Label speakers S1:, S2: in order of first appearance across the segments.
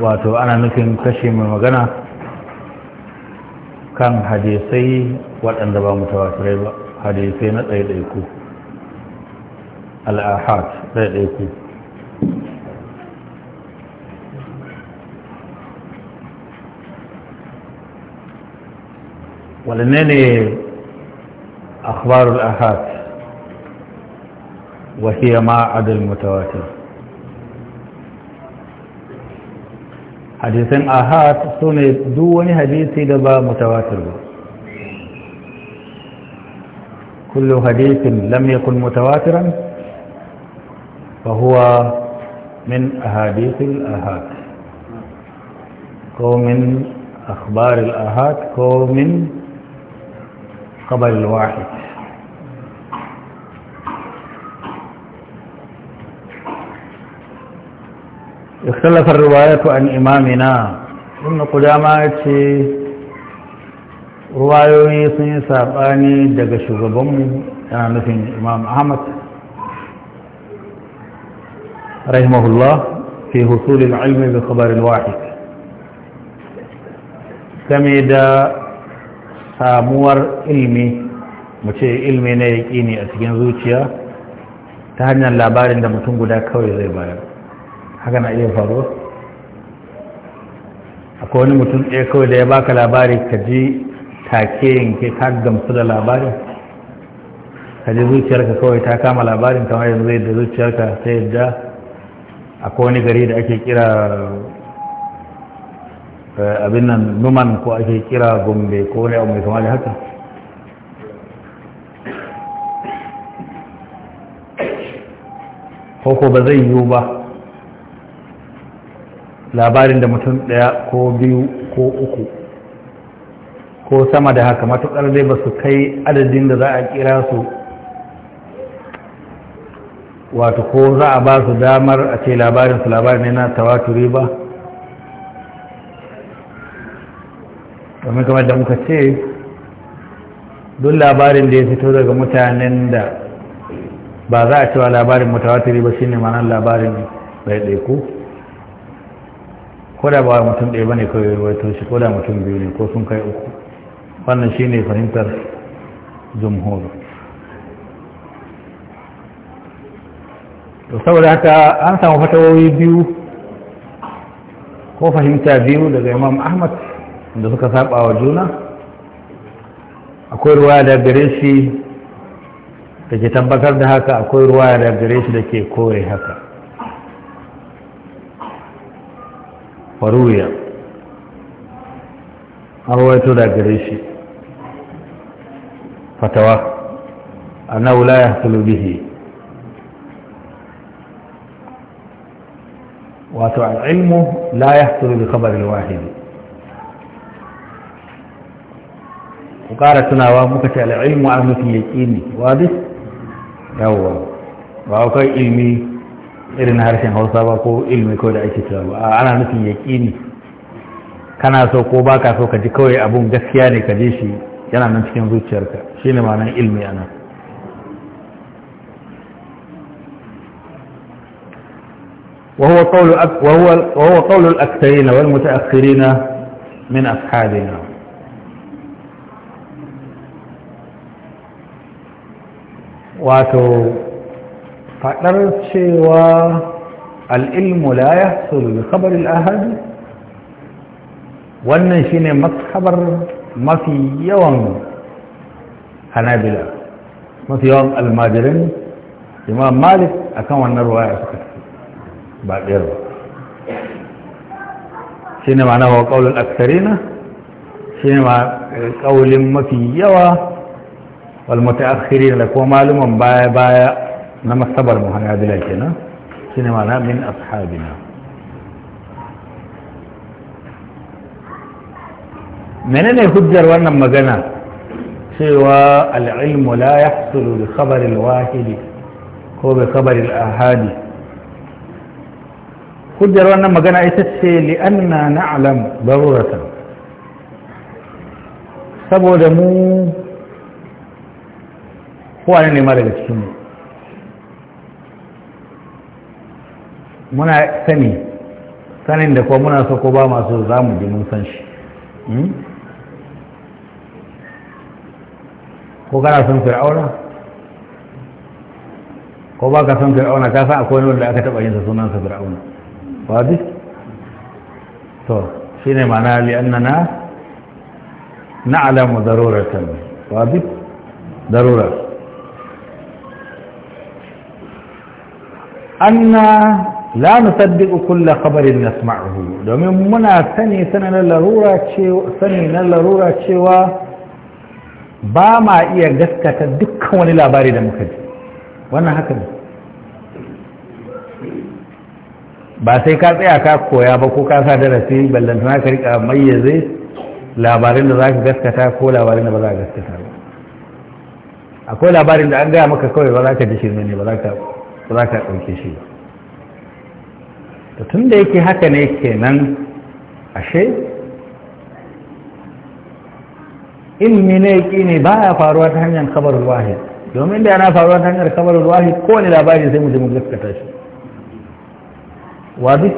S1: wato ana nufin kashi mai magana kan hadisai waɗanda ba mutawatirai ba hadisai na ɗaiɗaiku al'ahad ɗaiɗaiku waɗanne ne akhbarul ahad وهي ما عدا المتواتر hadisan ahad su ne duk wani hadisi da ba mutawatir ba kullu hadisin lam yakun mutawatiran fa huwa min ahadithil ahad ko min akhbaril ahad ko min qabl al-wahid اختلف الرواية عن إمامنا ابن قدامة ruwayoyi sun yi saɓani daga shugabanmu yana nufin imam ahmad rahimahullah fi husulin ilmi da kabarin wahid game da samuwar ilmi mace ilmi na yaƙini a cikin zuciya ta hanyar labarin da mutum guda kawai zai bayar haka na iya faruwa akwai wani mutum ɗaya kawai da ya baka labari ka ji take yanke ka gamsu da labarin ka ji zuciyarka kawai ta kama labarin kamar yanzu da zuciyarka ta yadda akwai wani gari da ake kira eh, abin nan numan ko ake kira gombe ko wani abu mai kama da haka ko ko ba zai yiwu ba labarin da mutum ɗaya ko biyu ko uku ko sama da haka matuƙar dai ba su kai adadin da za a kira su wato ko za a ba su damar a ce labarin su labarin ne na tawaturi ba domin kamar da muka ce duk labarin da ya fito daga mutanen da ba za a cewa labarin mutawatiri ba shine ne labarin ɗaiɗaiku ko da ba mutum ɗaya bane kawai ruwaito shi ko da mutum biyu ne ko sun kai uku wannan shine fahimtar jumhur to saboda haka an samu fatawoyi biyu ko fahimta biyu daga imam ahmad da suka saba wa juna akwai ruwa da gare shi da ke tabbatar da haka akwai ruwa da gare shi da ke kore haka faruya an waito da gare shi fatawa annahu la yahsulu bihi wato al'ilmu la ya bi khabar al ku ƙara tunawa muka ce al'ilmu a mutum yaƙini wadis yawon ba kai ilmi irin harshen hausa ba ko ilmi ko da ake cewa ba ana nufin ne kana so ko ba ka so ka ji kawai abun gaskiya ne ka ji shi yana nan cikin zuciyarka shi ne ma'anar ilmi ana وهو قول وهو وهو من اصحابنا wato فقدر شوى العلم لا يحصل بخبر الأهل وان متخبر ما في يوم هنابلة ما في يوم المادرين إمام مالك أكام النرواية بقير شين معنى معناه قول الأكثرين شين معنى قول ما في يوم والمتأخرين لك ومعلوم باية باية نما صبر مهنا دلائكنا سينمانا من أصحابنا من أن يهجر وأن مغنى سوى العلم لا يحصل بخبر الواحد هو بخبر الآهاد هجر وأن مغنى إتسي لأننا نعلم ضرورة سبو دمو هو أنني مالك السنة muna sani sanin da kuma muna so ko ba masu za mu ji mun san shi hmm? ko kana son fir'auna ko ba ka son fir'auna ka san akwai wanda aka taɓa yinsa sa fir'auna ba bi to shi ne ma'ana annana na'lamu daruratan ba bi darurar anna la nusaddiqu kabarin khabarin nasma'uhu domin muna sani larura sani na larura cewa ba ma iya gaskata dukkan wani labari da muka ji wannan haka ne ba sai ka tsaya ka koya ba ko ka sa darasi ballantana ka rika mayyaze labarin da za ka gaskata ko labarin da ba za ka gaskata ba akwai labarin da an gaya maka kawai ba za ka ji shirme ne ba za ka ɗauke shi ba to tun da yake haka ne kenan ashe ilmi ne ki ne ba ya faruwa ta hanyar kabarul wahid domin da yana faruwa ta hanyar kabarul wahid kowane labari sai mu ji mu gaskata shi wadi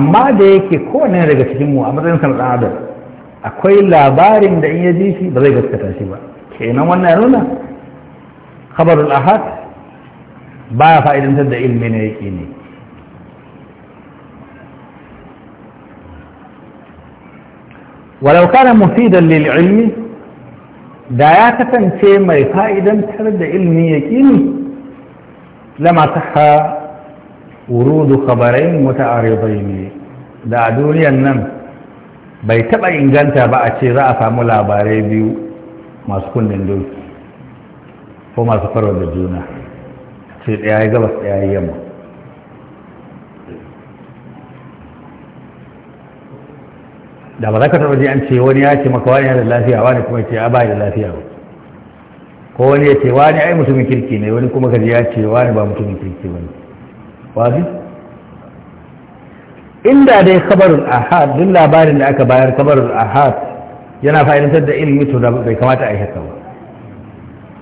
S1: amma da yake kowane daga cikin mu a matsayin san adam akwai labarin da in ya ji shi ba zai gaskata shi ba kenan wannan nuna kabarul ahad ba ya fa'idantar da ilmi ne yake ne walau kana mufidan lil ilmi da ya kasance mai fa'idantar da ilmi yaqini lama sahha wurudu khabarain muta'aridain da a duniyan nan bai taɓa inganta ba a ce za a samu labarai biyu masu kunnen doki ko masu karo da juna ce ɗaya gabas ɗaya yamma da ba za ka taɓa ji an ce wani ya ce maka wani yana da lafiya wani kuma ce a ba da lafiya ba ko wani ya ce wani ai mutumin kirki ne wani kuma kaji ya ce wani ba mutumin kirki ba ne wazi inda dai kabarin ahad duk labarin da aka bayar kabarin ahad yana fa'idantar da ilimi to da bai kamata a yi haka ba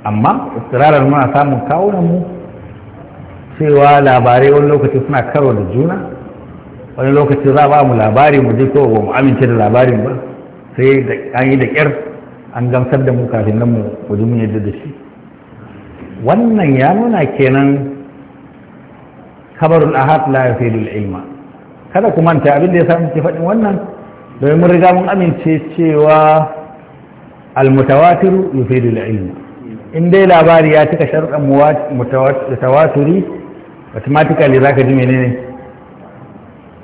S1: amma istirarar muna samun kawunan mu cewa labarai wani lokaci suna karo da juna wani lokacin za ba mu labari mu je ko ba mu amince da labarin ba sai an yi da ƙyar an gamsar da mu kafin nan mu ji mun yadda da shi wannan ya nuna kenan kabarul ahad la yafidul ilma kada ku manta abin da ya samu ke faɗin wannan domin mun riga mun amince cewa almutawatiru yufidul ilma in dai labari ya cika sharuɗan mutawatiri automatically zaka ji menene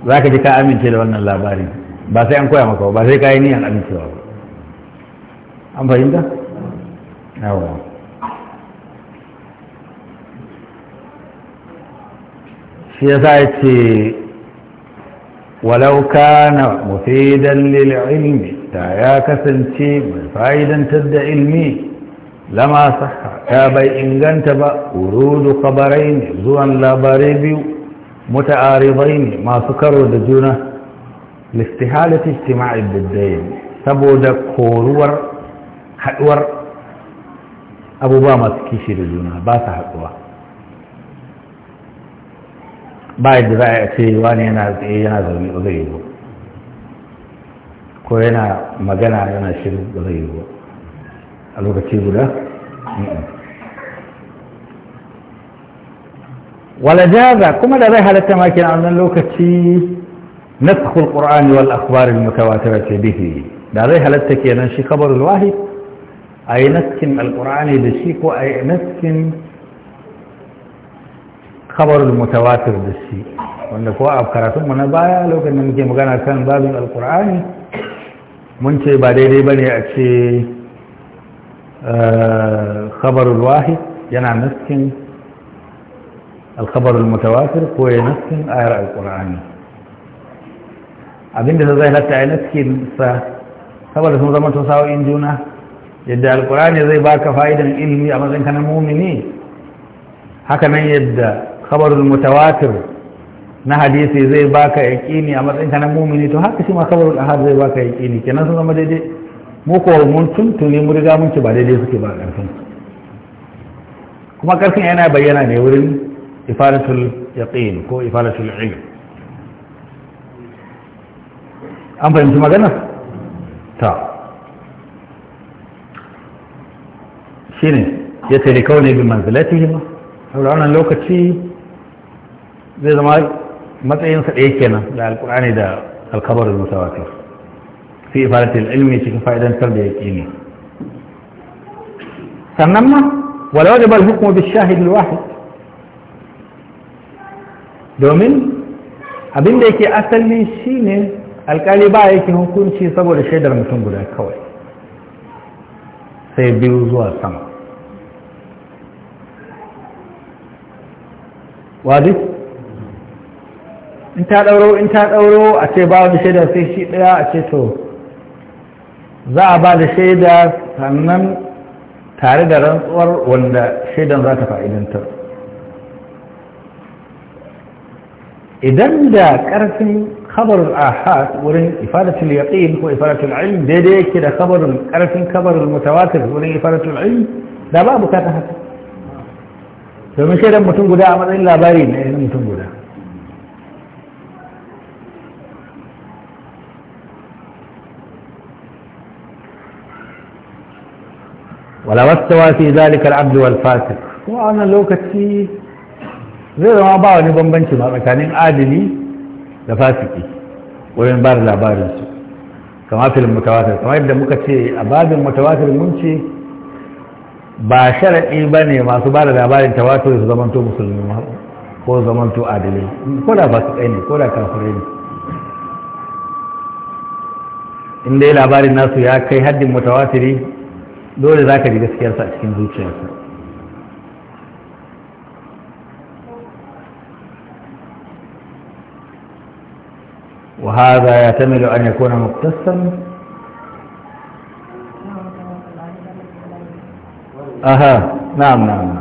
S1: za ka ji ka amince da wannan labari ba sai an koya maka ba sai ka yi niyan amincewa ba an fahimta? yawa shi ya sa ya ce walau kana mufidan lil ilmi ta ya kasance mai fa'idantar da ilmi lama saha ta bai inganta ba urudu kabarai zuwan labarai biyu متعارضين masu karo da juna listihalati ijtima'i biddayn saboda koruwar haɗuwar abubuwa masu kishi da juna ba su haduwa ba yadda za a ce yana tsaye yana zaune ba ko yana magana yana shiru ba zai yiwu a lokaci guda wala jaza kuma da zai halatta ma kina wannan lokaci نسخ القرآن والأخبار المتواترة به da zai halatta kenan shi kabar wahid a yi naskin alkur'ani da shi ko a yi naskin kabarul mutawatir da shi wanda ko a karatunmu na baya lokacin da muke magana kan babin alkur'ani mun ce ba daidai ba ne a ce kabarul wahid yana naskin alkhabar mutawatir ko ya naskin ayar alkur'ani abinda zai halatta ya naskin sa saboda sun zama sa'o'in juna yadda alkur'ani zai baka fa'idan ilmi a matsayin kana mumini haka nan yadda khabarul mutawatir na hadisi zai baka yaqini a matsayin kana mumini to haka shi ma khabarul ahad zai baka yaqini kenan sun zama daidai mu ko mun tuntuni mu riga mun ci ba daidai suke ba karfin kuma karfin yana bayyana ne wurin إفالة اليقين كو إفالة العلم أم فهمت ما قلنا؟ تا طيب. شنو؟ يتركوني بمنزلتهم أو لأن لو كتشي زي ما ما تنسى أي كلمة لا القرآن ده الخبر المتواتر في إفالة العلم يشوف فائدة تربية إيمي سنما ولو جب الحكم بالشاهد الواحد domin abin da yake asali shine alkali ba yake hukunci saboda shaidar mutum guda kawai sai biyu zuwa sama wadi in ta ɗauro in ta ɗauro a ce ba wani shaidar sai shi ɗaya a ce to za a ba da shaidar sannan tare da rantsuwar wanda shaidan za ta fa'idantar إذن دا كرسم خبر الآحات ولن إفادة اليقين هو إفادة العلم دي دي كده خبر كرسم خبر المتواتر ولن إفادة العلم دا باب كاتها فمن كده متنقو دا عمد إلا بارين إذن إيه متنقو دا ولو استوى في ذلك العبد والفاسق وأنا لو كتير zai zama ba wani bambanci ba tsakanin adili da fasiki wurin ba da labarinsu kama filin mutawatar kamar yadda muka ce a babin mutawatar mun ce ba sharaɗi ba ne masu ba da labarin tawato su zamanto musulmi ko zamanto adilai ko da fasikai ne ko da kafirai ne in dai labarin nasu ya kai haddin mutawatiri dole za ka ji gaskiyarsa a cikin zuciyarsa وهذا يحتمل أن يكون مقتصا أها نعم نعم, نعم.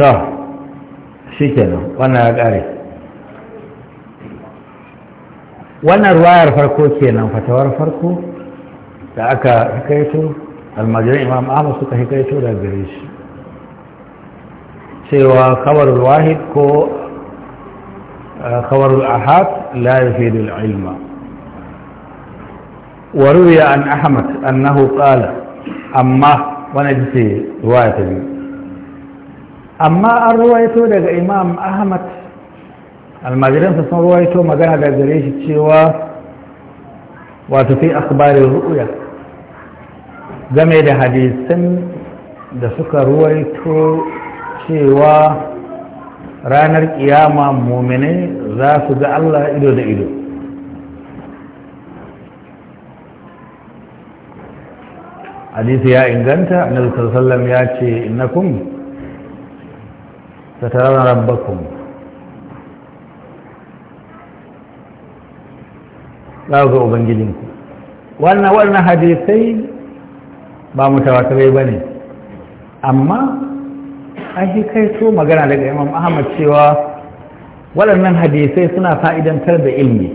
S1: طه طيب، شي كده وانا قاري وانا رواية فرقو كينا فتوى فرقو تأكا حكايته المجرم إمام أحمد سكا حكايته لا بريش سوى خبر الواحد كو خبر الأحاد لا يفيد العلم وروي عن أحمد أنه قال أما ونجسي رواية لي أما الرواية لدى إمام أحمد المجرم سن رواية مجاها لجريش تشيوى وتفي أخبار الرؤيا game da hadisan da suka ruwaito cewa ranar kiyama muminai za su ga Allah ido da ido hadisi ya inganta annabi sallallahu ya ce innakum satarawna rabbakum za ga ubangijinku wannan wannan hadisai ba mutawatirai bane amma an shi kai so magana daga imam ahmad cewa waɗannan hadisai suna fa'idantar da ilmi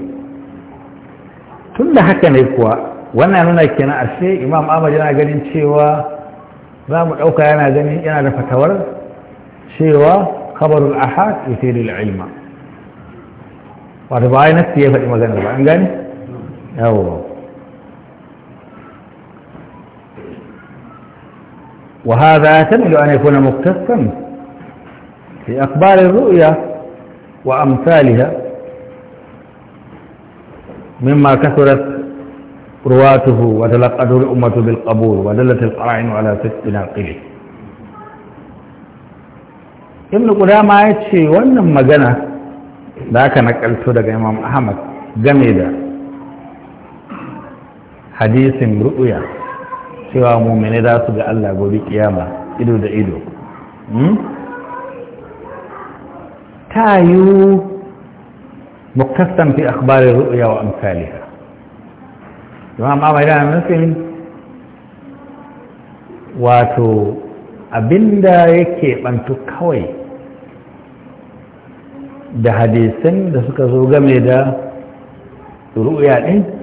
S1: tun da haka ne kuwa wannan nuna kenan ashe imam ahmad yana ganin cewa za mu ɗauka yana ganin yana da fatawar cewa kabarul ahad ita da ilma wata ba nasi ya faɗi magana ba an gani yawo وهذا يحتمل أن يكون مختصا في أقبال الرؤيا وأمثالها مما كثرت رواته وتلقته الأمة بالقبول ودلت القرائن على صدق ناقله ابن qudama ya ce wannan magana جنى aka nakalto daga imam احمد game حديث رؤيا cewa mene za su ga Allah gobe kiyama ido da ido hmm? ta yi mukastan fi akhbarin ru'ya wa amsaliha ma ahmad yana nufin wato abinda yake bantu kawai da hadisan da suka zo game da ru'ya din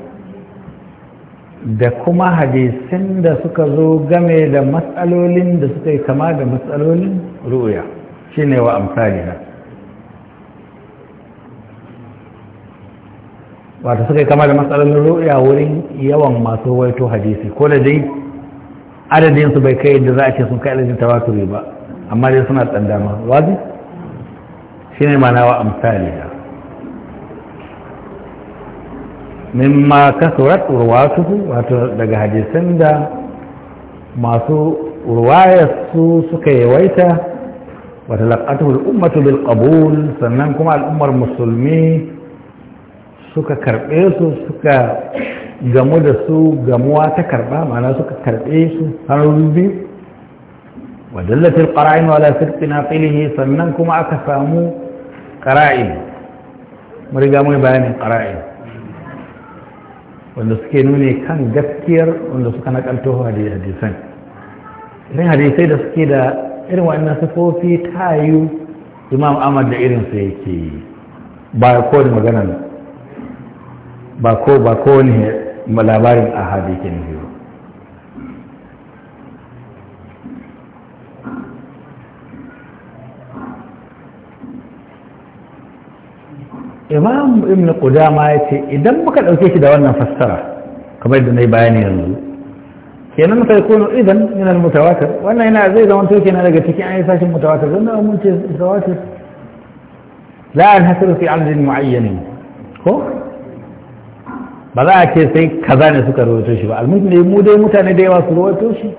S1: da kuma hadisin da suka zo game da matsalolin da suka yi kama da matsalolin ru'uya shi ne wa amsaliha wata suka yi kama da matsalolin ru'uya wurin yawan masu waito hadisi ko da dai adadinsu bai kai da za a ce sun kai adadin tawaturi ba amma dai suna tsandama wazi shi ne mana wa amsaliha mimma kasurat urwatuhu wato daga hadisan da masu urwayarsu suka yawaita wata laƙatul ummatu bil qabul sannan kuma al'ummar musulmi suka karɓe su suka gamu da su gamuwa ta karɓa mana suka karɓe su hannun biyu wadallatul qara'in wala sirqina qilihi sannan kuma aka samu qara'in mun riga mun bayanin qara'in wanda suke nune kan gaskiyar wanda suka nakalto hadisan irin hadisai da suke da irin waɗannan sifofi ta yi imam ahmad da irin su yake ba ko da magana ba ko ba ko ne labarin ahadi ke nufi imam ibn qudama ya ce idan muka ɗauke shi da wannan fassara kamar da na yi bayani yanzu kenan kai kono idan yana mutawatir wannan yana zai zama to kenan daga cikin ayi sashin mutawatir don da mun ce mutawatir la an hasru fi amrin muayyan ko ba za a ce sai kaza ne suka rawaito shi ba almuhim ne mu dai mutane da yawa su rawaito shi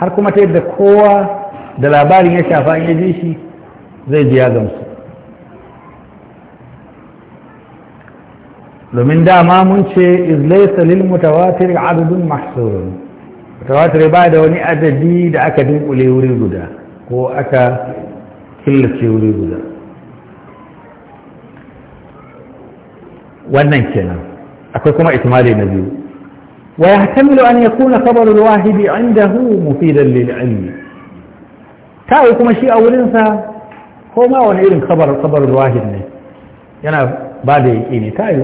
S1: har kuma ta yadda kowa da labarin ya shafa ya ji shi zai ji ya gamsu domin dama mun ce izlaisa lil mutawatir adadun mahsurun mutawatir ba da wani adadi da aka dinkule wuri guda ko aka killace wuri guda wannan kenan akwai kuma itimali na biyu wa yahtamilu an yakuna khabaru alwahidi indahu mufidan lil ilmi ta yi kuma shi a wurinsa ko ma wani irin khabar khabar wahid ne yana ba da yake ne ta yi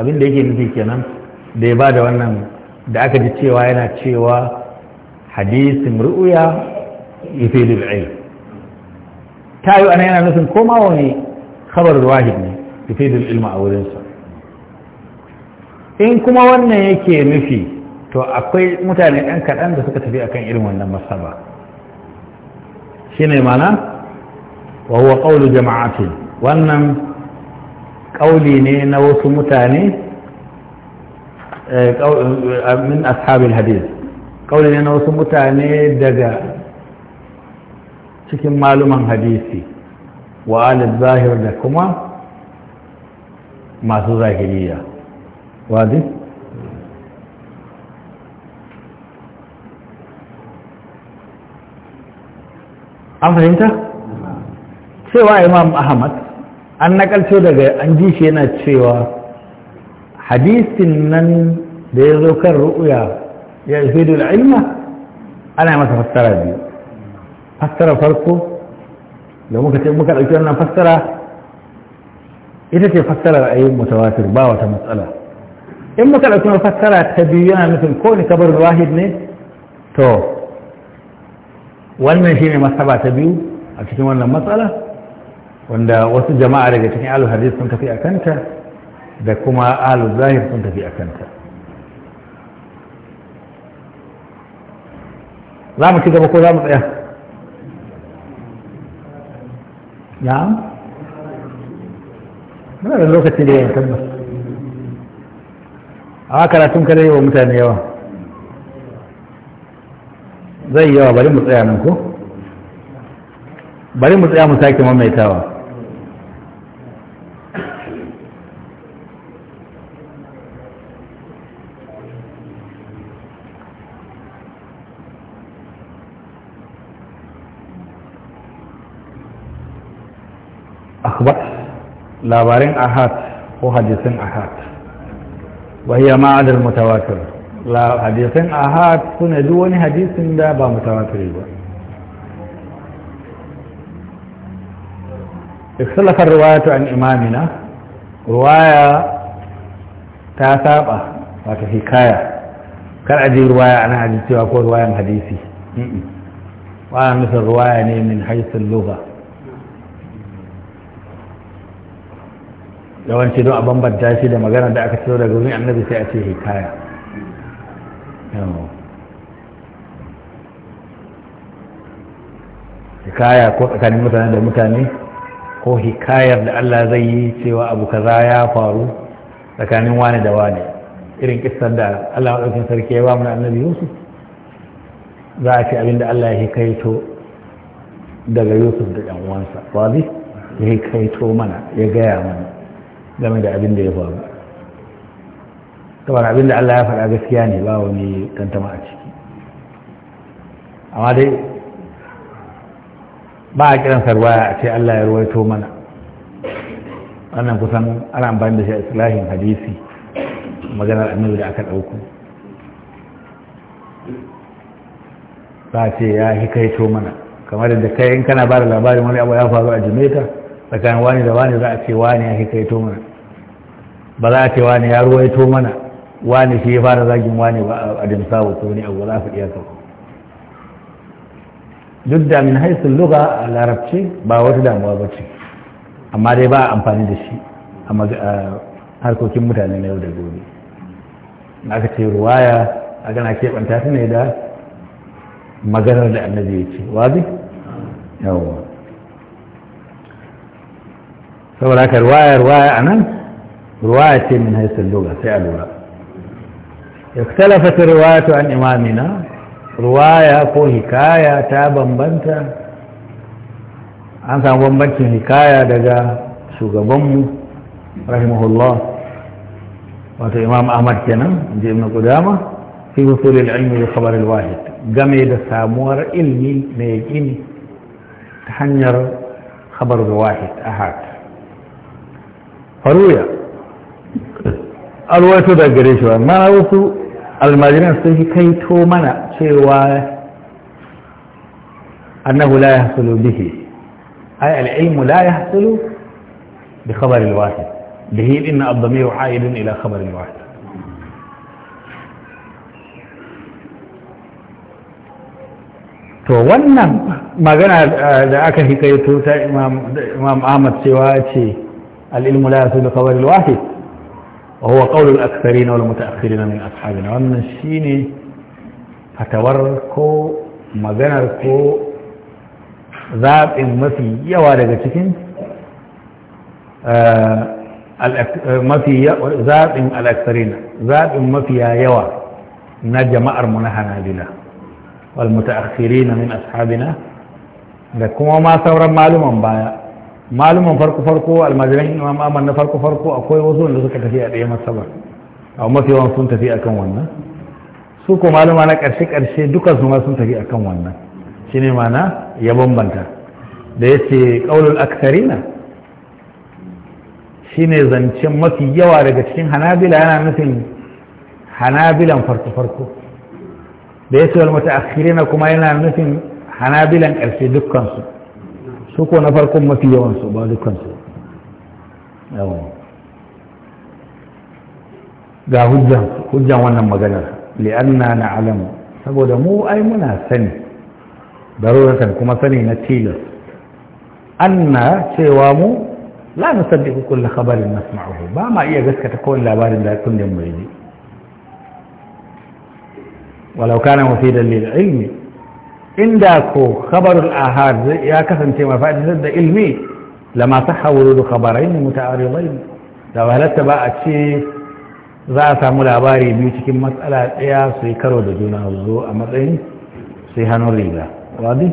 S1: abin da yake nufi kenan da ya ba da wannan da aka ji cewa yana cewa hadisin ru'uya ya fi lil'il ta yi ana yana nufin koma wani khabar wahid ne ya fi ilma a wurinsa in kuma wannan yake nufi to akwai mutane ɗan kaɗan da suka tafi akan irin wannan masaba shi ne mana wa huwa qawlu jama'atin wannan ƙauli ne na wasu mutane eh, eh, min ashabin hadis ƙauli ne na wasu mutane daga cikin maluman hadisi wa zahir da kuma masu zahiriya wadi an fahimta cewa imam ahmad an nakalto daga an ji shi yana cewa hadisin nan da ya zo kan ru'uya ya da ilma ana masa fassara biyu fassara farko da muka ce muka ɗauki wannan fassara ita ce fassarar ayin mutawatir ba wata matsala in muka ɗauki wannan fassara ta biyu yana nufin ko ni kabar wahid ne to wannan shine masaba ta biyu a cikin wannan matsala wanda wasu jama'a daga cikin ahlul hadith sun tafi a kanta da kuma ahlul zahir sun tafi a kanta za mu ci gaba ko za mu tsaya ya muna da lokacin da yayin tabbas a karatun kare yi wa mutane yawa zai yawa bari mu tsaya nan ko bari mu tsaya mu sake mamaitawa akbar labarin ahad ko hadisin ahad wahiyar ma'adar mutawatir hadisin ahad suna duk wani hadisin da ba mutawatir ba اختلف ta عن إمامنا hikaya تاسابة وفي حكاية كان عندي رواية عن حديثي وأقول رواية حديثي وأنا ruwaya ne min حيث اللغة yawanci don a bambanta shi da magana da aka ciro daga wurin annabi sai a ce hikaya hikaya ko tsakanin mutane da mutane ko hikayar da Allah zai yi cewa abu kaza ya faru tsakanin wani da wani irin kistar da Allah maɗaukin sarki ya ba mu annabi Yusuf za a ce abin da Allah ya hikaito daga Yusuf da ɗan uwansa ba zai ya hikaito mana ya gaya mana game da abin da ya faru kamar abin da Allah ya faɗa gaskiya ne ba wani tantama a ciki amma dai ba a kiran sarwa a ce Allah ya ruwaito mana wannan kusan ana amfani da shi a islahin hadisi maganar annabi da aka ɗauko ba ce ya hi kai to mana kamar da kai in kana ba da labarin wani abu ya faru a jimeta tsakanin wani da wani za a ce wani ya hi kai to mana ba za ta wani ya ruwaito mana wani shi ya fara zagin wani ba a dimsa wa ko ne abu za su iya sauka. duk da min haisun luga a larabci ba wata damuwa ba ce amma dai ba a amfani da shi a harkokin mutane na yau da gobe na ka ce ruwaya a gana keɓanta ta ne da maganar da annabi ya ce wazi yawon saboda ka ruwaya ruwaya a nan رواية من هيث اللغة فعل اختلفت الرواية عن إمامنا رواية كو حكاية تابا بنتا أنت بنتا حكاية دجا شغبهم رحمه الله وهذا إمام أحمد كنا جي ابن قدامة في وصول العلم للخبر الواحد جميل سامور علمي ميجين تحنير خبر الواحد أحد فرويا alwaito da gare shi ma wasu almajiran sun shi kai to mana cewa annahu la ya yahsulu bihi ai al'ilmu la ya yahsulu bi khabar al-wahid abu da ad-damir aid ila khabar al-wahid to wannan magana eh, da aka hikaito ta imam Ahmad cewa ce al-ilmu la yahsulu bi khabar al-wahid وهو قول الأكثرين والمتأخرين من أصحابنا وأن الشيني فتوركو مغنركو ذاب مفي يوارد تكين mafi zaɓin al'aksarina zaɓin mafiya yawa na jama'ar mu na hanabila wal min ashabina da kuma ma sauran maluman baya maluman farko farko almajiran imam aman na farko farko akwai wasu wanda suka tafi a ɗaya masabar a mafi yawan sun tafi akan wannan su ko maluma na ƙarshe ƙarshe dukkan su ma sun tafi akan wannan shine mana ya bambanta da ya ce ƙaulul aksarina shine zancen mafi yawa daga cikin hanabila yana nufin hanabilan farko farko da ya ce wal mutaakhirina kuma yana nufin hanabilan ƙarshe dukkansu. su su ko na farkon mafi yawansu ba dukansu ga hujjan hujjan wannan maganar li'anna na alamu saboda mu ai muna sani daruratan kuma sani na tilas anna cewa mu la nusaddiqu kulli khabarin nasma'uhu ba ma iya gaskata kowane labarin da kullum mai ji walau kana mufidan lil ilmi inda ko khabarul ahad ya kasance mafadisar da ilmi lama sahha wurudu ne muta'aridain da halatta ba a ce za a samu labari biyu cikin matsala ɗaya su yi karo da juna zo a matsayin su yi hannun riga wadi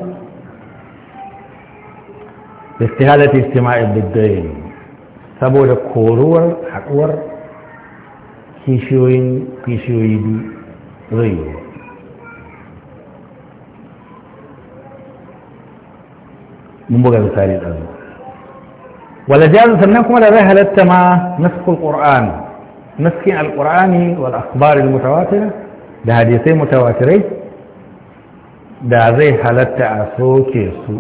S1: istihadati istima'i biddain saboda koruwar haɗuwar kishiyoyi biyu zai yi. من بغى مثال الأذن ولا جاز سنكم لا ذهل التما نسخ القرآن نسخ القرآن والأخبار المتواترة ده هديثي متواترين ده ذهل التعاسو كيسو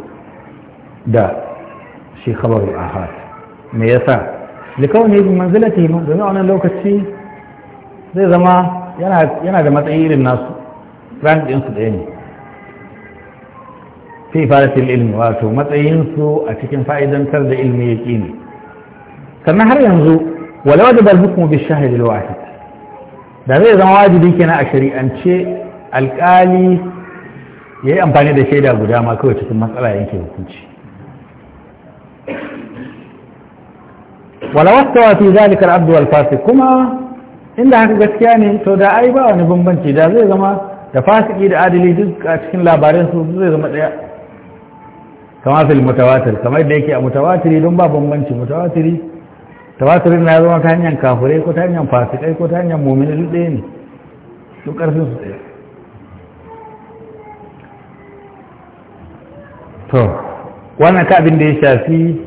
S1: ده شي خبر الآخر ميسا لكونه بمنزلته منزلة عنا لو كتشي زي زمان ينادي ينا ده متعير الناس رانج ايني fi faratil ilmi wato matsayinsu a cikin fa'idantar da ilmi ya ne sannan har yanzu walawa da bal hukumu bi shahidil wahid da zai zama wajibi kenan a shari'ance alkali ya yi amfani da shaida guda ma kawai cikin matsala yanke hukunci walawa stawa fi zalikar abdu wal fasik kuma inda haka gaskiya ne to da ai ba wani bambanci da zai zama da fasiki da adali duk a cikin labarin su zai zama daya kama fil mutawatir kamar da yake a mutawatiri don ba bambanci mutawatiri tawatirin na zama ta hanyar kafirai ko ta hanyar fasikai ko ta hanyar mumini duk ɗaya ne duk ƙarfin su ɗaya to wannan ka abin da ya shafi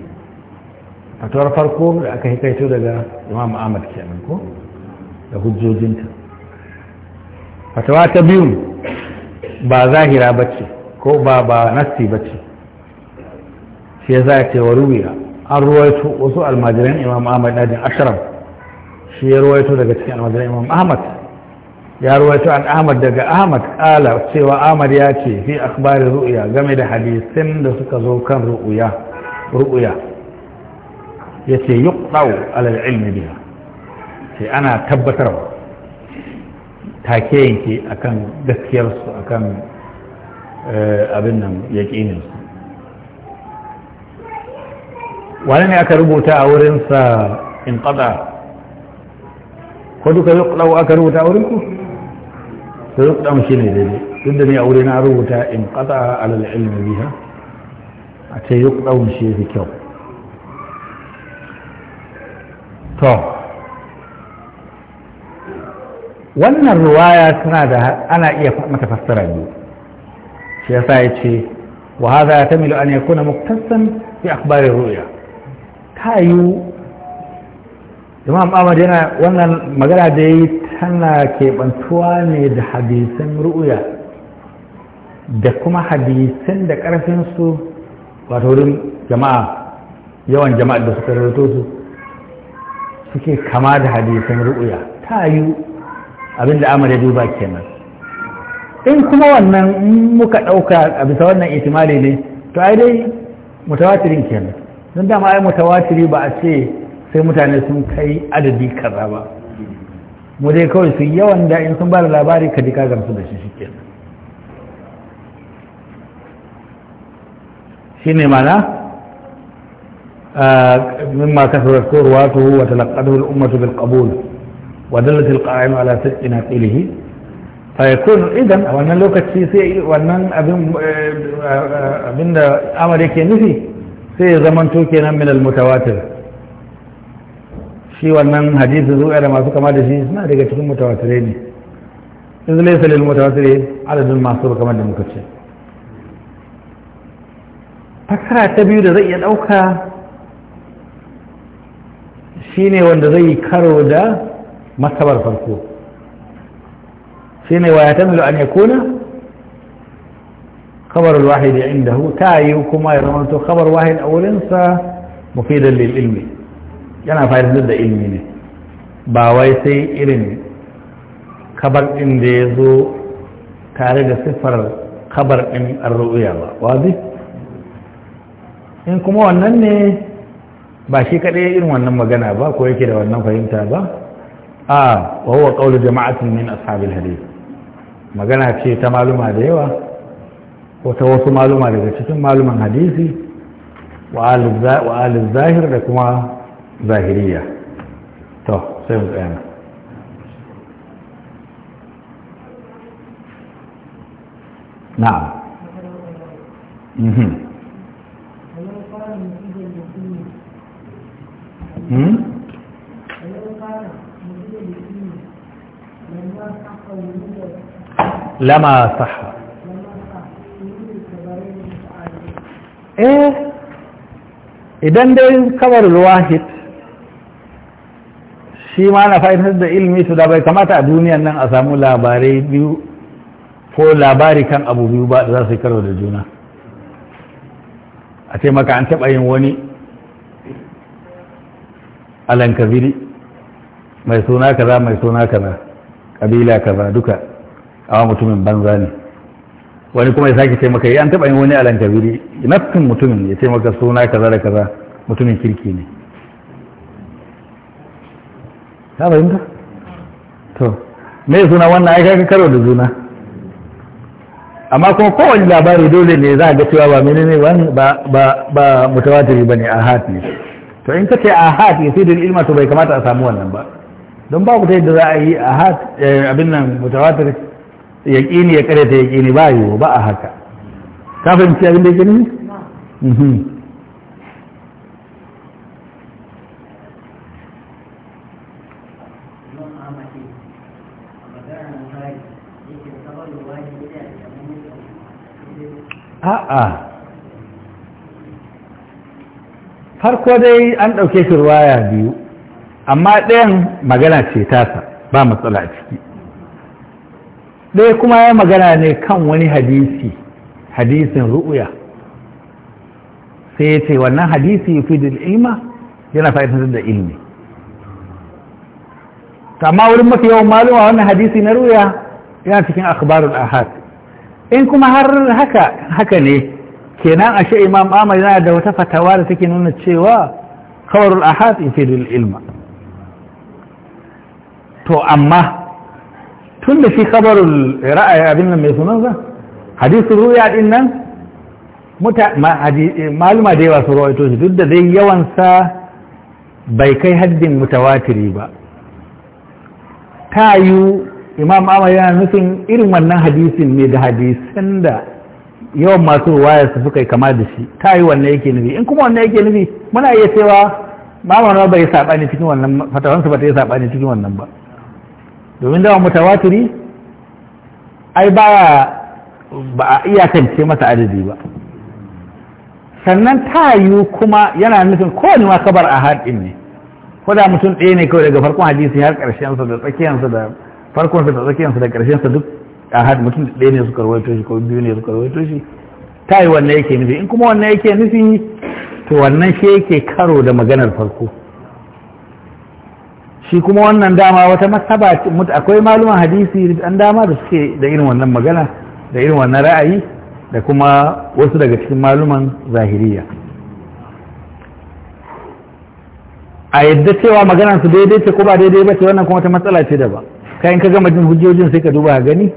S1: a tuwar farko da aka hikaito daga imam ahmad kenan ko da hujjojinta fatawa ta biyu ba zahira bace ko ba ba nasti bace shi ya za ce wa ruwiya an ruwaito wasu almajiran imam ahmad najin ashraf shi ya ruwaito daga cikin almajiran imam ahmad ya ruwaito an ahmad daga ahmad kala cewa ahmad ya ce fi akhbari ru'ya game da hadisin da suka zo kan ru'ya ru'ya yace yuqtau alal ilmi biya sai ana tabbatarwa take yanke akan gaskiyarsu akan eh, abin nan yaƙinin su wani ne aka rubuta a wurinsa in ƙada ko duka zuƙɗau aka rubuta a wurinku su zuƙɗan shi ne daidai duk da ne a na rubuta in ƙada alal ilmi biha a ce zuƙɗan shi fi kyau to wannan ruwaya suna da ana iya mata fassara biyu shi ya sa ya ce wa hada ya tamilu an yakuna muktasan fi akhbarir ru'ya ta yiwu imam ahmad yana wannan magana da ya yi tana keɓantuwa ne da hadisin ru'uya da kuma hadisin da ƙarfinsu wato wurin jama'a yawan jama'a da suka rarrato su suke kama da hadisin ru'uya ta yiwu abinda ahmad ya duba kenan in kuma wannan muka ɗauka a bisa wannan itimali ne to ai dai mutawatirin kenan don dama ya mutawatiri ba a ce sai mutane sun kai adadi kaza ba mu dai kawai su yawan da in sun ba da labari ka ji gamsu da shi shi shi ne mana min ma kasar korowa ta huwa ta laƙadar umaru bil ƙabulu wadanda tilƙa'ayin ala sirri na tsilihi a idan a wannan lokaci sai wannan abin eh, eh, da amur ke nufi sai zaman to nan min almutawatir shi wannan hadisi zuwa da masu kama da shi suna daga cikin mutawatire ne in zai salil mutawatir adadin masu kamar da muka ce fakara ta biyu da zai iya ɗauka shine wanda zai yi karo da matsabar farko shine wa ya tamilu an yakuna Kabar خبر الواحد عنده تايو كما يرمانتو خبر واحد أولنسا مفيدا للعلم yana fa'idar da ilmi ne ba wai sai irin kabar ɗin da ya zo tare da siffar kabar ɗin arru'uya ba wazi in kuma wannan ne ba shi kaɗai irin wannan magana ba ko yake da wannan fahimta ba a wahuwa ƙaunar jama'atin min ashabil hadith magana ce ta maluma da yawa wata wasu maluma daga cikin maluman hadisi wa alif zahir da kuma zahiriya to sai mu tsaya na'am mhm mhm لما صح eh idan dai kamar wahid shi ma na fahimtar da ilimi su da bai kamata a duniyan nan a samu labarai biyu ko labari kan abu biyu ba da za su yi karo da juna a ce an taɓa yin wani alankabiri mai suna kaza mai suna kaza ƙabila kaza duka awa mutumin banza ne wani kuma ya sake taimaka yi eh, an taɓa yin wani alankabiri kabiri nafsin mutumin ya taimaka suna kaza da kaza mutumin kirki ne ta fahimta to me suna wannan ai kaga karo da juna amma kuma kowane labari dole ne za a ga cewa ba menene ba mutawatiri ba ne a hati ne to in ka ce kace ahad sai ilma to bai kamata a samu wannan ba don ba ku ta yadda za a yi ahad eh, abin nan mutawatiri yaƙini ya kare ta yaƙini ba yiwu ba a haka ka fahimci abin da gani. Mhm. a'a farko dai an ɗauke shi ruwaya biyu amma ɗayan magana ce tasa ba matsala a ciki ɗaya kuma ya magana ne kan wani hadisi hadisin ru'uya sai ya ce wannan hadisi ya fi da ilma yana fa'idantar da ilmi kama wurin mafi yawan maluma wannan hadisi na ru'uya yana cikin akhbarul ahad in kuma har haka haka ne kenan ashe imam ahmad yana da wata fatawa da take nuna cewa khawarul ahad ya da ilma to amma tun da shi kabarul ra'ayi abin nan mai sunansa hadisu ruya din nan maluma da yawa su rawaito shi duk da dai yawansa bai kai haddin mutawatiri ba ta yi imam amal yana nufin irin wannan hadisin ne da hadisan da yawan masu ruwaya su suka yi kama da shi ta yi wannan yake nufi in kuma wannan yake nufi muna iya cewa mamman bai saɓani cikin wannan fatawansa ba ta yi saɓani cikin wannan ba domin dawa mutawatiri ai ba ba a iyakance masa adadi ba sannan ta yiwu kuma yana nufin kowane ma kabar a haɗin ne ko da mutum ɗaya ne kawai daga farkon hadisi har ƙarshensa da tsakiyansa da farkonsa da tsakiyansa da ƙarshensa duk a haɗin mutum ɗaya ne suka rawaito shi ko biyu ne suka rawaito shi ta wannan yake nufi in kuma wannan yake nufi to wannan shi yake karo da maganar farko shi kuma wannan dama wata masaba akwai maluman hadisi an dama da suke da irin wannan magana da irin wannan ra'ayi da kuma wasu daga cikin maluman zahiriya a yadda cewa maganar su daidai ce ko ba daidai ba ce wannan kuma ta matsala ce da ba kayan ka gama jin hujjojin sai ka duba gani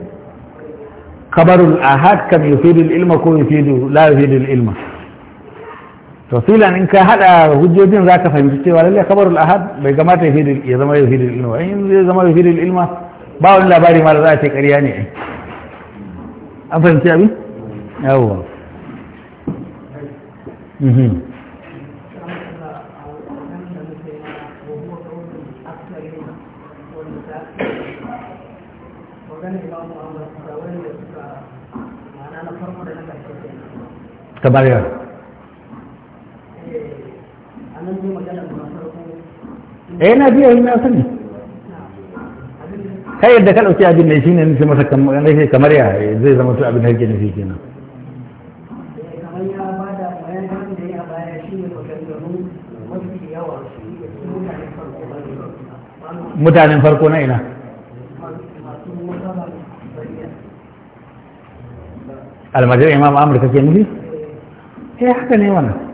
S1: kabarul ahad kam yufidul ilma ko yufidul la yufidul ilma to filan in ka hada hujjojin za ka fahimci cewa lalle kabarul ahad bai gamata ya zama yuhidul ilma in zai zama yuhidul ilma ba wani labari ma da za a ce ƙarya ne an fahimci abin yawwa kamar mhm. yau اينا بيه هم ياسنة خير دا كان اتيا بينا يسينا نسي مرسا كماريا زي زمان سوى ابن هجي نسي كينا متعلم فرقونا اينا المجرد امام امر كتير نسي هي حتى نيوانا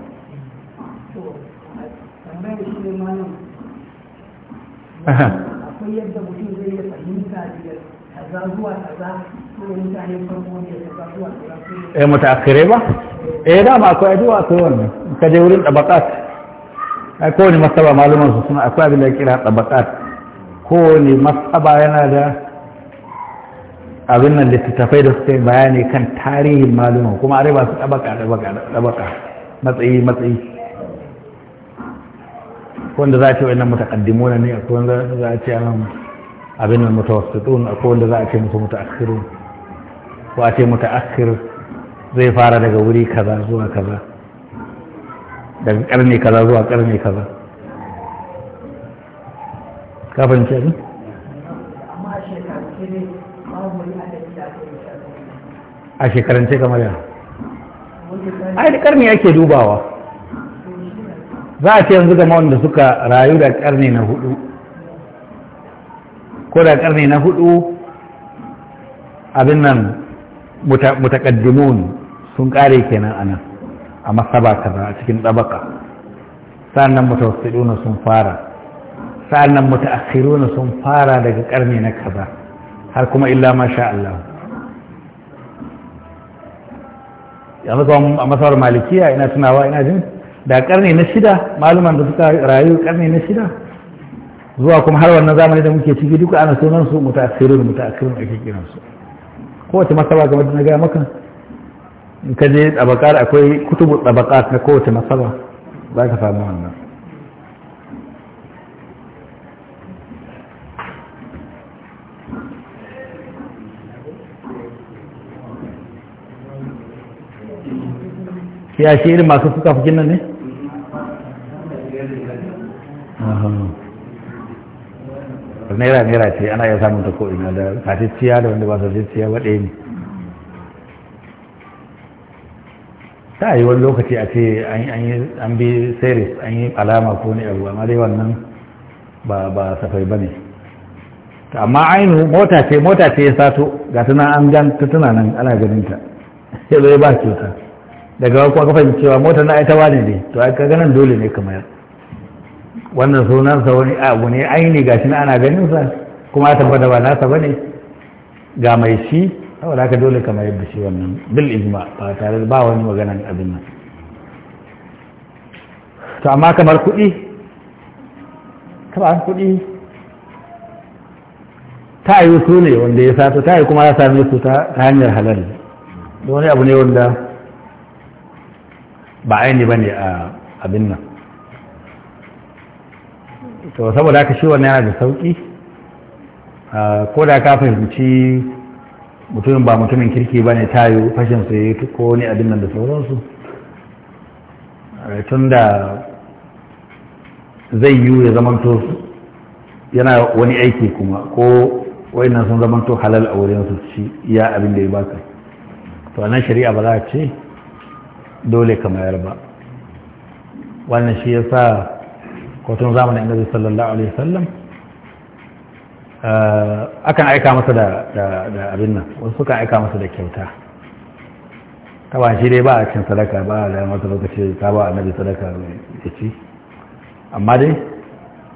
S1: akwai yadda mutum zai ya fahimta da kaza zuwa kaza ko mutane farko ne kaza zuwa kaza eh mutakire ba eh dama ma akwai addu'a akwai wannan ka je wurin ɗabaƙat. ai kowane masaba malaman su suna akwai abin da ya kira tabaqat kowane masaba yana da abin nan littattafai da suka yi bayani kan tarihin malaman kuma a ba su ɗabaƙa ɗabaƙa tabaka matsayi matsayi wanda za a ce wannan mutaqaddimuna ne akwai wanda za a ce an abin nan mutawassitun akwai wanda za a ce musu mutaakhiru ko a ce mutaakhir zai fara daga wuri kaza zuwa kaza daga karni kaza zuwa karni kaza ka fahimci ni? a shekarance kamar yana ai da karni ake dubawa za a ce yanzu gama wanda suka rayu da karni na hudu ko da karni na hudu abin nan mutakaddimun sun kare kenan a nan a masaba kaza a cikin ɗabaka sa'annan mutawassiduna sun fara sa'annan mutaakhiruna sun fara daga karni na kaza har kuma illa masha Allah yanzu kuma a masawar malikiya ina tunawa ina jin da karni na shida maluman da suka rayu karni na shida zuwa kuma har wannan zamani da muke ciki duka ana sunan su muta'assirun muta'assirun ake kiran su kowace masaba game da na ga maka in ka je tabakar akwai kutubu tabakat na kowace masaba za ka samu wannan ya shi irin masu suka fi nan ne naira naira ce ana iya samun ta ko'ina da faticiya da wanda ba faticiya ba ɗaya ne ta yi wani lokaci a ce an bi series an yi alama ko ne abu amma dai wannan ba safai ba ne amma ainihin mota ce mota ce ya sato ga tana an gan ta tana nan ana ganin ta sai ya ba kyauta daga wakwa kafa cewa mota na ita wane ne to aka ganin dole ne kamar wannan sunansa wani abu ne aini shi na ana ganinsa kuma ya tabbata ba nasa ba ne ga mai shi saboda haka dole kamar yadda shi wannan bil ijma ba tare ba wani maganan abin nan to amma kamar kuɗi kamar kuɗi ta yi su ne wanda ya sato ta yi kuma ya same su ta hanyar halal wani abu ne wanda ba aini ba ne a abin nan to saboda haka shi wannan yana da sauki ko da ka fahimci mutumin ba mutumin kirki ba ne tayo fashin su yi ko ne abin nan da sauransu tun da zai yi ya zamanto yana wani aiki kuma ko wayannan sun zamanto halal a wurin su ci ya abin da ya baka to nan shari'a ba za a ce dole ka mayar ba wannan shi yasa hoton zamanin annabi sallallahu alaihi wasallam eh, akan aika masa da abin nan wasu suka aika masa da kyauta taban shi dai ba a cin sadaka ba a da wata lokaci ta ba annabi sadaka ya ci amma dai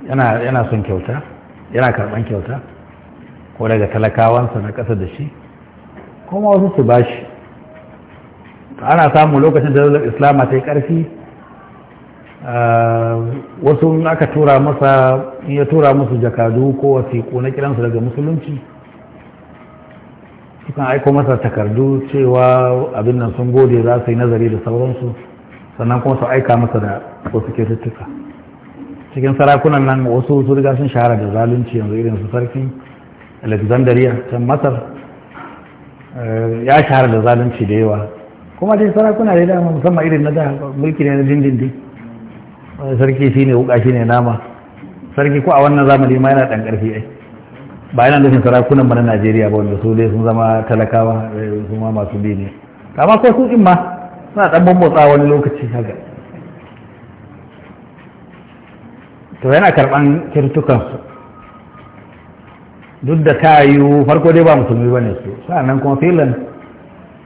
S1: yana son kyauta yana karban kyauta ko daga talakawansa na ƙasa da shi kuma wasu su bashi ana samun lokacin da islam ta yi ƙarfi Eh, wasu in aka tura masa in ya tura musu jakadu ko ko na kiransu daga musulunci sukan aiko masa takardu cewa abin nan sun gode za su yi nazari da sauransu sannan kuma su aika masa da wasu kyaututtuka cikin sarakunan nan wasu su riga sun shahara da zalunci yanzu irin su sarki alexandria can masar eh, ya shahara da zalunci da yawa kuma dai sarakuna da dama musamman irin na da mulki ne na dindindin sarki shine wuka ne nama sarki ko a wannan zamani ma yana ɗan ƙarfi ai ba yana nufin sarakunan ba na Najeriya ba wanda su dai sun zama talakawa eh, su ma masu bi ne amma ko su din ma suna ɗan bambotsa wani lokaci haka to yana karɓan kirtukan su duk da ta yiwu farko dai ba musulmi ne su sa'annan kuma filan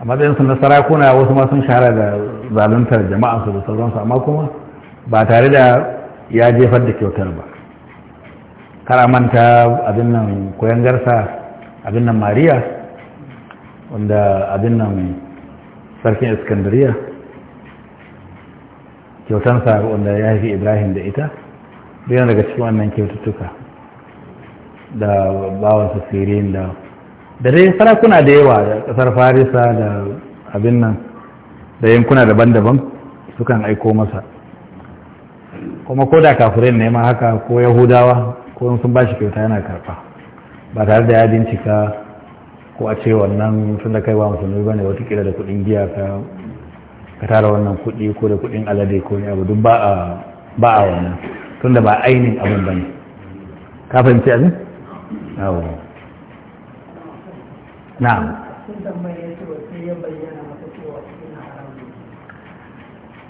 S1: a matsayinsu na sarakuna wasu ma sun shahara da zaluntar jama'ansu da sauransu amma kuma ba tare da ya jefar da kyautar ba kara manta abin nan koyon garsa abin nan mariya wanda abin nan sarkin iskandariya kyautansa wanda ya fi ibrahim da ita biyan daga cikin wannan kyaututtuka da bawon sassirin da da dai sarakuna da yawa da kasar farisa da abin nan da yankuna daban-daban sukan aiko masa kuma ko da kafirin ne ma haka ko yahudawa ko sun ba shi kyauta yana karɓa ba tare da ya bincika ko a ce wannan tun da kaiwa musulmi ba ne watakila da kuɗin giya ka tara wannan kuɗi ko da kuɗin alade ko ne abu duk ba a wannan tun da ba ainihin abin ba ne ka fahimci abin? awo na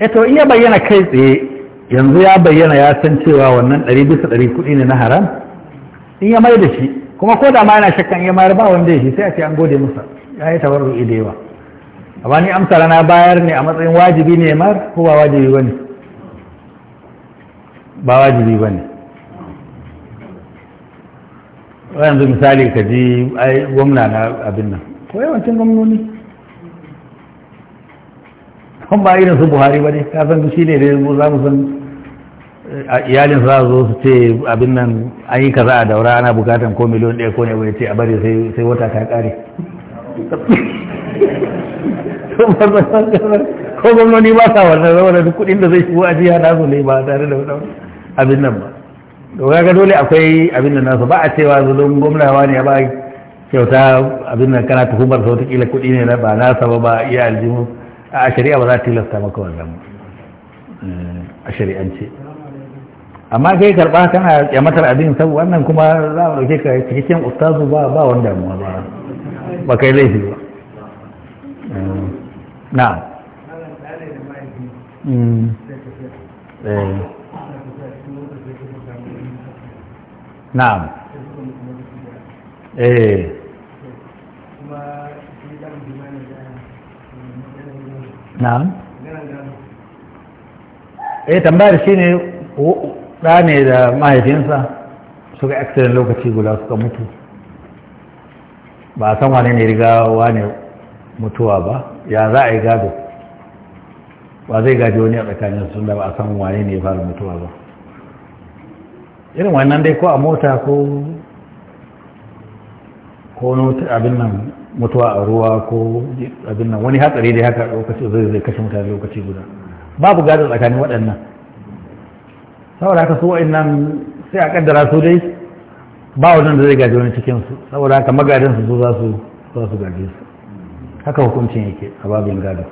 S1: eto iya bayyana kai tsaye yanzu ya bayyana ya san cewa wannan ɗari bisa ɗari kuɗi ne na haram in ya mai da shi kuma ko da ma yana shakkan ya mayar ba wanda ya shi sai a ce an gode masa ya yi ruɗi da yawa amma ni amsa rana bayar ne a matsayin wajibi ne mar ko ba wajibi ba ne ba wajibi ba ne yanzu misali ka ji ai gwamna na abin nan ko yawancin gwamnoni kan ba irin su buhari ba ne ka san shi ne da yanzu za mu san iyalin za zo su ce abin nan an yi kaza a daura ana bukatan ko miliyon ɗaya ko ne wai ce a bari sai wata ta ƙare ko gwamnoni ba sa wannan zama da kuɗin da zai shigo a jiya nasu ne ba tare da wani abin nan ba doga ga dole akwai abin da nasu ba a cewa zulun gwamnawa ne ba kyauta abin nan kana tuhumar sa wata kuɗi ne na ba nasa ba ba iya aljihu a shari'a ba za ta tilasta maka wannan eh, a shari'ance amma kai karɓa kana kyamatar abin sabu wannan kuma za mu ɗauke ka cikakken ustazu ba ba wanda damuwa ba ba kai laifi ba eh, na hmm. eh. na'am eh na'am eh tambayar shine ɗa ne da mahaifinsa suka accident lokaci guda suka mutu ba san wane ne riga ne mutuwa ba ya za a yi gado ba zai gaji wani a tsakanin sun da ba a san wane ne fara mutuwa ba irin wannan dai ko a mota ko ko abin nan mutuwa a ruwa ko abin nan wani hatsari da haka lokaci zai zai kashe mutane lokaci guda babu gado tsakanin waɗannan saboda haka su nan sai a kaddara su dai ba wannan da zai gaji wani cikin su saboda haka magadin su za su za su gaje su haka hukuncin yake a babin gado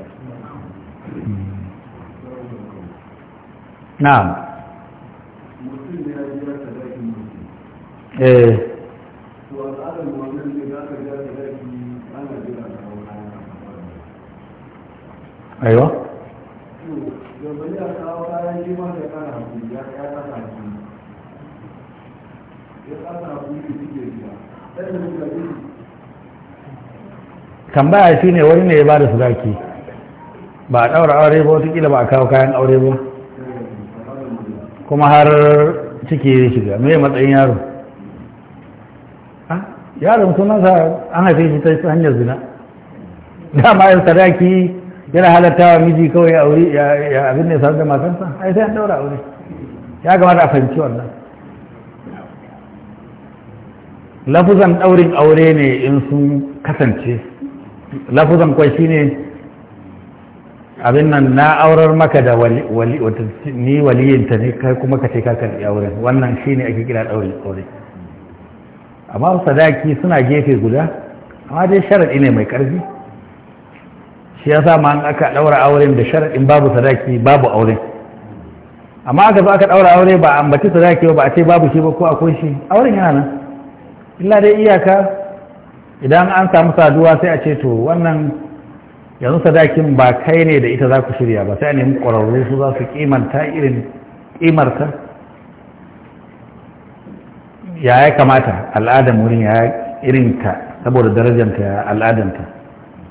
S1: na'am eh aiwa tambaya shi ne wani ne ya ba da sadaki ba a ɗaura aure ba watakila ba a kawo kayan aure ba kuma har ciki ya shiga ya matsayin yaro ah, yaron sunansa an haife shi ta hanyar zina dama yin sadaki yana wa miji kawai ya aure ya abin ne samu da matansa ai sai an daura aure ya kamata a fahimci wannan lafuzan daurin aure ne in sun kasance lafuzan kwai shine abin nan na aurar maka da ni waliyinta ne kai kuma ka ce ka karɓi auren wannan shine ake kira daurin aure amma sadaki suna gefe guda amma dai sharaɗi ne mai ƙarfi shi ya sa ma an aka ɗaura auren da sharaɗin babu sadaki babu auren amma aka zo aka ɗaura aure ba ambaci sadaki ba a ce babu shi ba ko akwai shi auren yana nan illa dai iyaka idan an samu saduwa sai a ce to wannan yanzu sadakin ba kai ne da ita za ku shirya ba sai a nemi ƙwararru su za su kimanta irin kimarta ya ya kamata al'adar wurin ya irinta saboda darajanta al'adanta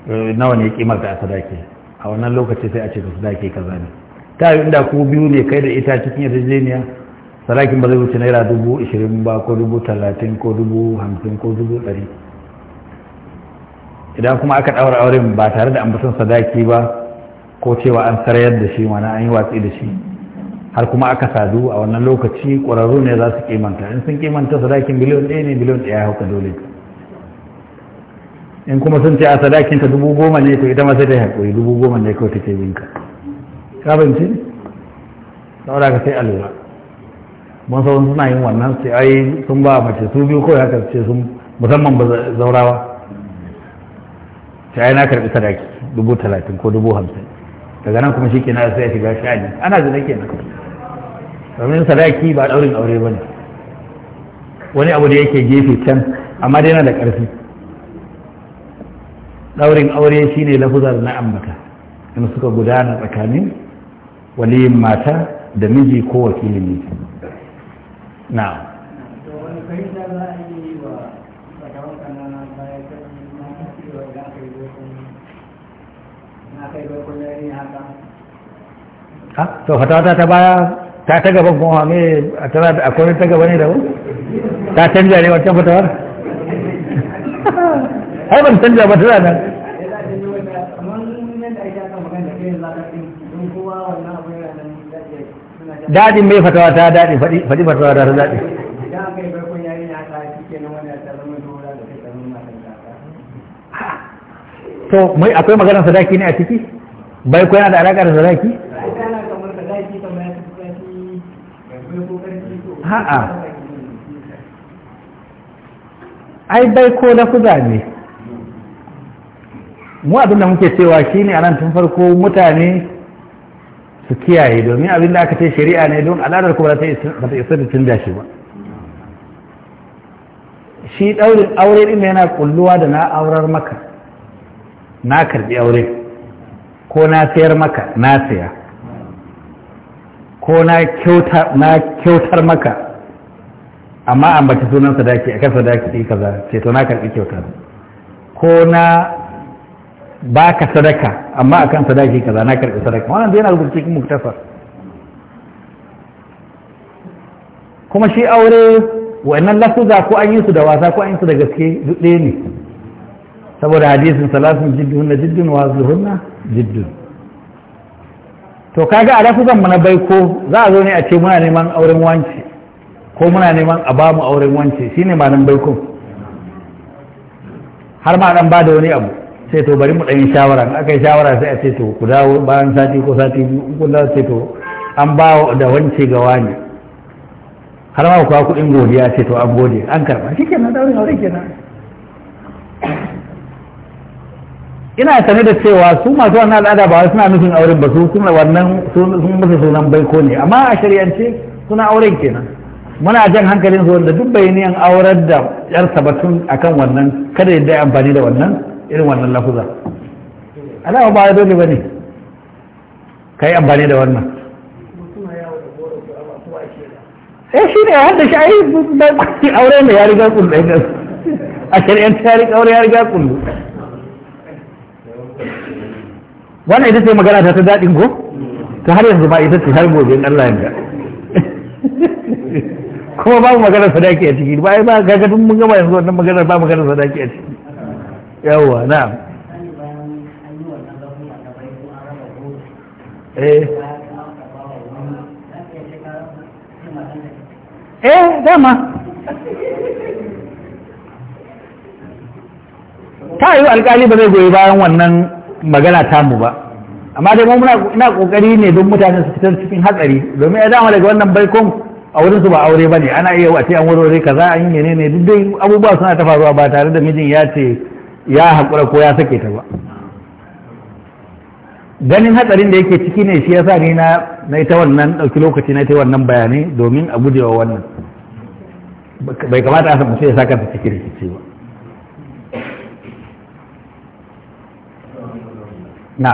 S1: Eh, nawa ne kimar da a sadaki a wannan lokaci sai a ce ka sadaki kaza ne ta yi inda ku biyu ne kai da ita cikin yarjejeniya sadakin ba zai wuce naira dubu ishirin ba ko dubu talatin ko dubu hamsin ko dubu ɗari idan kuma aka ɗaura auren ba tare da ambaton sadaki ba ko cewa an sarayar da shi mana an yi watsi da shi har kuma aka sadu a wannan lokaci ƙwararru ne za su kimanta in sun kimanta sadakin biliyon ɗaya ne biliyon ɗaya ya hauka dole in kuma sun ce a sadakin ka dubu goma ne ko ita ma sai ta haƙuri dubu goma ne kawai ta binka ka fahimci ne saboda ka sai allura mun sauran suna yin wannan sai ai sun ba mace su biyu kawai haka ce sun musamman ba zaurawa sai ai na karɓi sadaki dubu talatin ko dubu hamsin daga nan kuma shi ke na sai ya shiga sha'ani ana zina kenan domin sadaki ba ɗaurin aure ba ne wani abu da yake gefe can amma dai yana da ƙarfi daurin aure shine lafuzar na ambata in suka gudana tsakanin waliyin mata da miji ko wakilin miji na'am ha to fatata ta baya ta ta gaban kuma me a tara da akwai ta gaba ne da ta canja ne wancan fatawar ai ban canja ba tana nan dadin mai fatawa ta dadi faɗi fatawa ta dadi to mai akwai maganar sadaki ne a ciki bai kuwa yana da alaƙa sadaki ha'a ai bai ko na kuza ne mu abin da muke cewa ne a nan tun farko mutane su kiyaye domin abin da aka ce shari'a ne don al'adar kuma ba ta isa da canja shi ba shi ɗaurin aure ɗin yana kulluwa da na aurar maka na karɓi aure ko na sayar maka na saya ko na kyautar maka amma ambaci sunan sadaki a kan sadaki kaza ce to na karɓi kyautar ko na ba ka sadaka amma akan sadaki kaza na karɓi sadaka wannan zai na rubuta cikin muktasar kuma shi aure wannan lafuza ko an yi su da wasa ko an yi su da gaske duk ɗaya ne saboda hadisin salasun jiddun na jiddun wa zuhunna jiddun to kaga a lafuzan mana bai ko za a zo ne a ce muna neman auren wance ko muna neman a bamu auren wance shine malam baikon har ma dan ba da wani abu sai to bari mu ɗan yi shawara aka yi shawara sai a ce to ku dawo bayan sati ko sati biyu kun dawo sai to an ba da wance ga wani har ma kuwa kuɗin godiya sai to an gode an karɓa shi kenan daurin aure kenan ina sane da cewa su masu wannan al'ada ba suna nufin auren ba su suna wannan sun musu sunan baiko ne amma a shari'ance suna auren kenan muna jan hankalin su wanda duk bayaniyan aurar da yarsa batun akan wannan kada ya dai amfani da wannan irin wannan lafuza alama ba dole ba ne ka yi amfani da wannan eh shi ne har da shi ai baki aure mai ya riga kullu a shari'an ta riga aure ya riga kullu wannan ita ce magana ta ta daɗin ko ta har yanzu ba ita ce har gobe in Allah yanga kuma ba magana sadaki a ciki ba ai ba gagadin mun gama yanzu wannan magana ba magana sadaki a ciki yawwa na'am eh, eh dama ta yi alkali ba zai goyi bayan wannan magana tamu ba amma dai mun ina kokari ne don mutane su fitar cikin hatsari domin ya dama daga wannan baikon a wurin su ba aure bane ana iya wace an warware kaza an yi ne ne duk dai abubuwa suna ta faruwa ba tare da mijin ya ce ya haƙura ko ya sake ta ba ganin hatsarin da yake ciki ne shi sa ni na na ita wannan ɗauki lokaci na ita wannan bayanai domin a gujewa wannan bai kamata a samu sai ya sa kansa cikin rikici ba na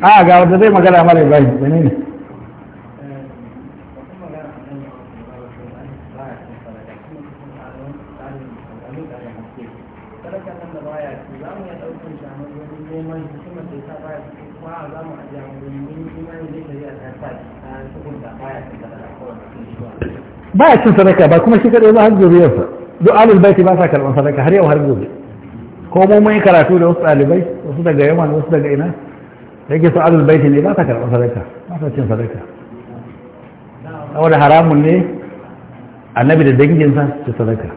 S1: a ah, ga wanda zai magana mara bayan ne ba ya cin sadaka ba kuma shi kaɗai ba har zuriyarsa duk alul baiti ba sa karɓar sadaka har yau har gobe ko mu mun karatu da wasu ɗalibai wasu daga yaman wasu daga ina da yake su alul baiti ne ba sa karɓar sadaka ba sa cin sadaka saboda haramun ne annabi da danginsa su sadaka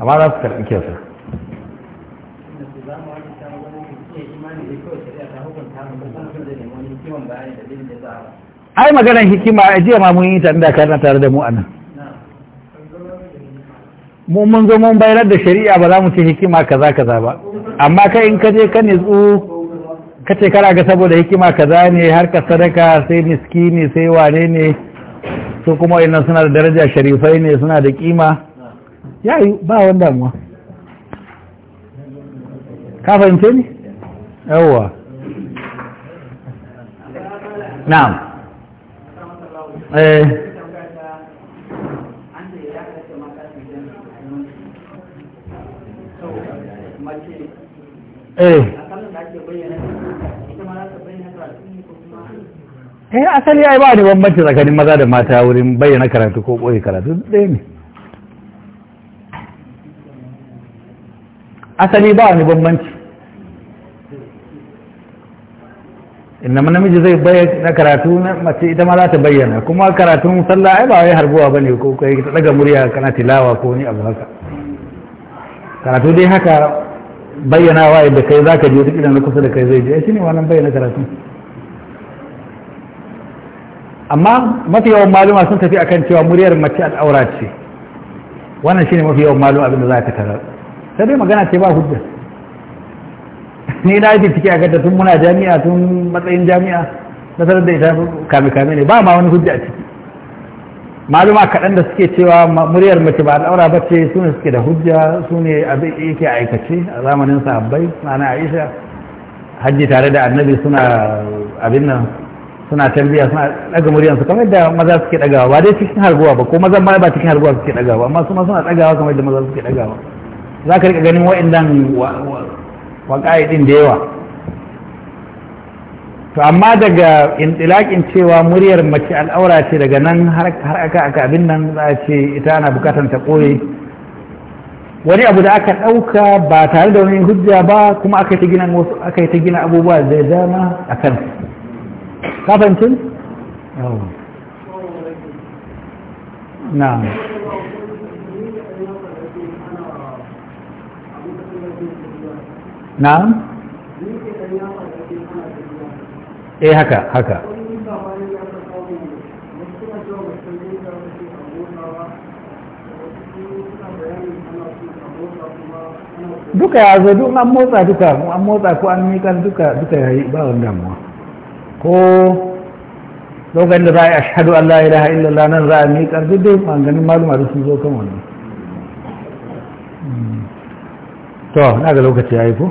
S1: amma za su karɓi kyauta
S2: ai maganar hikima a jiya
S1: ma mun yi ta inda karna tare da mu a nan mu mun zo mun bayar da shari'a ba za mu ce hikima kaza kaza ba amma kai in ka je ka nitsu ka ce kana ga saboda hikima kaza ne har ka sadaka sai miskini sai wane ne su kuma ina suna da daraja sharifai ne suna da kima ya yi ba wanda mu ka fahimce ni yawwa na'am eh Eh. eh asali ya yi ba da bambanci tsakanin maza da mata wurin bayyana karatu ko ɓoye karatu ɗaya ne asali ba wani bambanci inda namiji zai bayyana karatu mace ita ma za ta bayyana kuma karatun sallah ai ba wai harbuwa bane ko kai ta daga murya kana tilawa ko ni abu haka karatu dai haka wa yadda kai za ka je duk idan na kusa da kai zai je shi ne wannan bayyana karatu amma mafi yawan maluma sun tafi akan cewa muryar mace al'aura ce wannan shine mafi yawan maluma abinda za ka tarar sai dai magana ce ba hujja ni na yi ciki a gadda tun muna jami'a tun matsayin jami'a na sanar da ita kame kame ne ba ma wani hujja a ciki maluma kaɗan da suke cewa muryar mace ba ɗaura ba ce su ne suke da hujja su ne abin yake aikace a zamanin sahabbai na aisha hajji tare da annabi suna abin nan suna tarbiyya suna daga muryar su kamar da maza suke dagawa ba dai cikin harguwa ba ko maza ma ba cikin harguwa suke dagawa amma su suna dagawa kamar da maza suke dagawa za ka riƙa ganin wa'annan waƙa'i ɗin da yawa to amma daga intilakin cewa muryar mace al'aura ce daga nan har aka aka abin nan za a ce ita ana bukatar ta koye wani abu da aka ɗauka ba tare da wani hujja ba kuma aka ta gina wasu aka ta gina abubuwa zai dama a kan kafancin na na E haka haka duka ya zo duk an motsa duka an motsa ko an miƙar duka duka ya yi ba damuwa ko lokacin da za a yi ashadu an la ilaha illallah nan za a miƙar duk dai ganin maluma da sun zo kan wannan hmm. to na ga lokaci ya yi ko